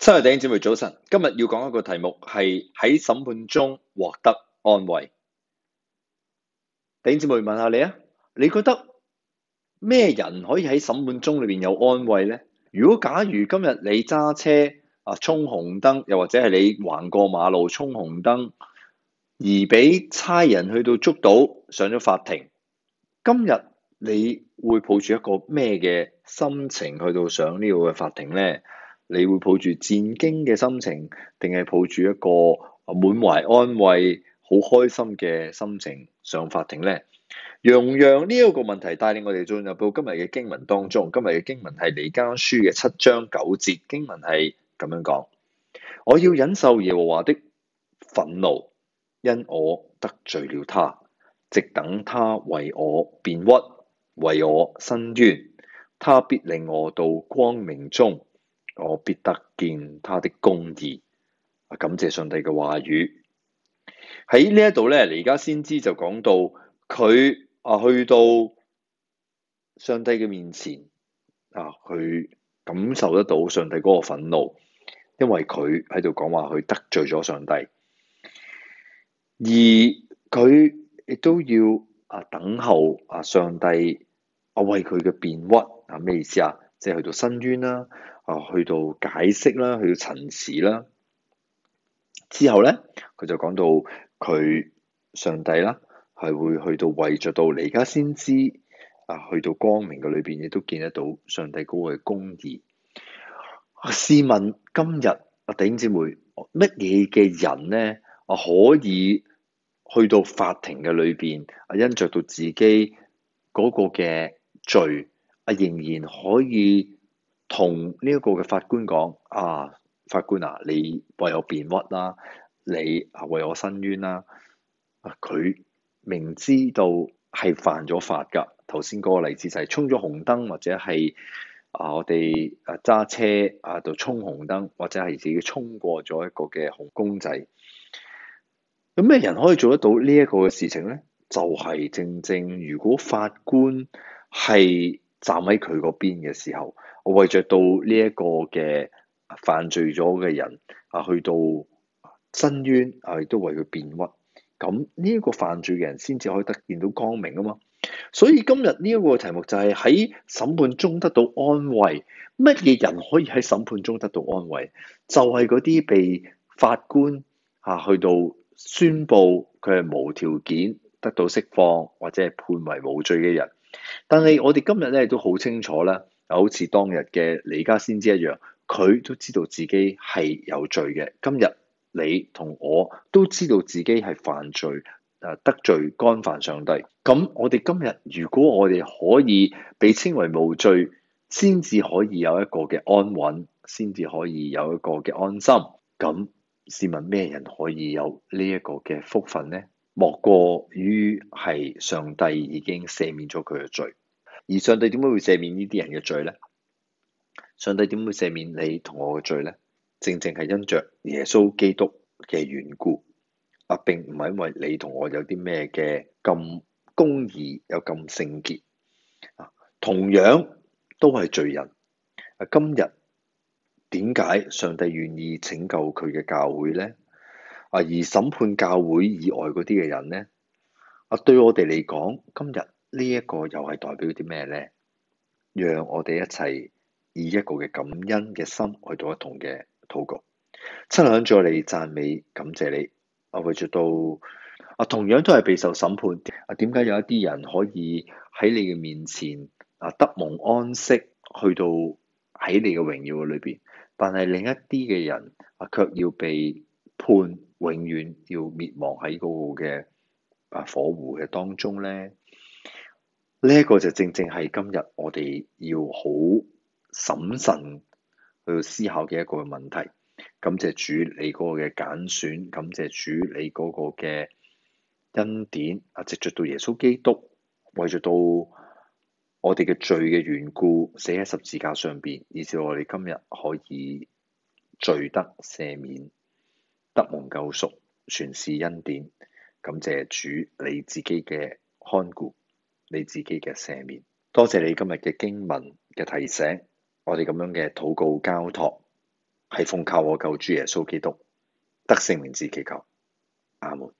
七位頂姐妹早晨，今日要講一個題目係喺審判中獲得安慰。頂姐妹問下你啊，你覺得咩人可以喺審判中裏邊有安慰咧？如果假如今日你揸車啊衝紅燈，又或者係你橫過馬路衝紅燈，而俾差人去到捉到，上咗法庭，今日你會抱住一個咩嘅心情去到上呢個法庭咧？你會抱住戰驚嘅心情，定係抱住一個滿懷安慰、好開心嘅心情上法庭呢？洋洋呢一個問題帶領我哋進入到今日嘅經文當中。今日嘅經文係彌迦書嘅七章九節，經文係咁樣講：我要忍受耶和華的憤怒，因我得罪了他；直等他為我辨屈，為我伸冤，他必領我到光明中。我必得見他的公義啊！感謝上帝嘅話語喺呢一度咧，你而家先知就講到佢啊，去到上帝嘅面前啊，佢感受得到上帝嗰個憤怒，因為佢喺度講話，佢得罪咗上帝，而佢亦都要啊等候、就是、啊，上帝啊為佢嘅辨屈啊咩意思啊？即係去到伸冤啦。啊，去到解釋啦，去到陳詞啦，之後咧，佢就講到佢上帝啦，係會去到為着到，你而家先知啊，去到光明嘅裏邊，亦都見得到上帝嗰個嘅公義。試問今日啊，頂姐妹乜嘢嘅人咧啊，可以去到法庭嘅裏邊啊，因着到自己嗰個嘅罪啊，仍然可以？同呢一個嘅法官講啊，法官啊，你為我辨屈啦，你啊為我伸冤啦。佢、啊、明知道係犯咗法㗎。頭先嗰個例子就係衝咗紅燈，或者係啊我哋啊揸車啊度衝紅燈，或者係自己衝過咗一個嘅紅公仔。有咩人可以做得到呢一個嘅事情咧？就係、是、正正，如果法官係，站喺佢嗰邊嘅時候，我為着到呢一個嘅犯罪咗嘅人啊，去到伸冤，啊，亦都為佢辯屈。咁呢一個犯罪嘅人先至可以得見到光明啊嘛。所以今日呢一個題目就係喺審判中得到安慰，乜嘢人可以喺審判中得到安慰？就係嗰啲被法官啊去到宣布佢係無條件得到釋放或者係判為無罪嘅人。但係我哋今日咧都好清楚啦，又好似當日嘅彌迦先知一樣，佢都知道自己係有罪嘅。今日你同我都知道自己係犯罪，誒得罪干犯上帝。咁我哋今日如果我哋可以被稱為無罪，先至可以有一個嘅安穩，先至可以有一個嘅安心。咁試問咩人可以有呢一個嘅福分呢？莫過於係上帝已經赦免咗佢嘅罪，而上帝點解會赦免呢啲人嘅罪呢？上帝點會赦免你同我嘅罪呢？正正係因着耶穌基督嘅緣故啊，並唔係因為你同我有啲咩嘅咁公義有咁聖潔。啊，同樣都係罪人。啊，今日點解上帝願意拯救佢嘅教會呢？啊！而審判教會以外嗰啲嘅人咧，啊，對我哋嚟講，今日呢一個又係代表啲咩咧？讓我哋一齊以一個嘅感恩嘅心去到一同嘅禱告。親，響住我哋讚美感謝你。我為著到啊，同樣都係備受審判。啊，點解有一啲人可以喺你嘅面前啊得蒙安息，去到喺你嘅榮耀裏邊，但係另一啲嘅人啊卻要被判。永遠要滅亡喺嗰個嘅火湖嘅當中咧，呢一個就正正係今日我哋要好審慎去思考嘅一個問題。感謝主你嗰個嘅揀選，感謝主你嗰個嘅恩典啊，藉著到耶穌基督為著到我哋嘅罪嘅緣故死喺十字架上邊，以至我哋今日可以罪得赦免。得蒙救贖，全是恩典。感謝主你自己嘅看顧，你自己嘅赦免。多謝你今日嘅經文嘅提醒，我哋咁樣嘅禱告交託，係奉靠我救主耶穌基督得勝名字祈求，阿門。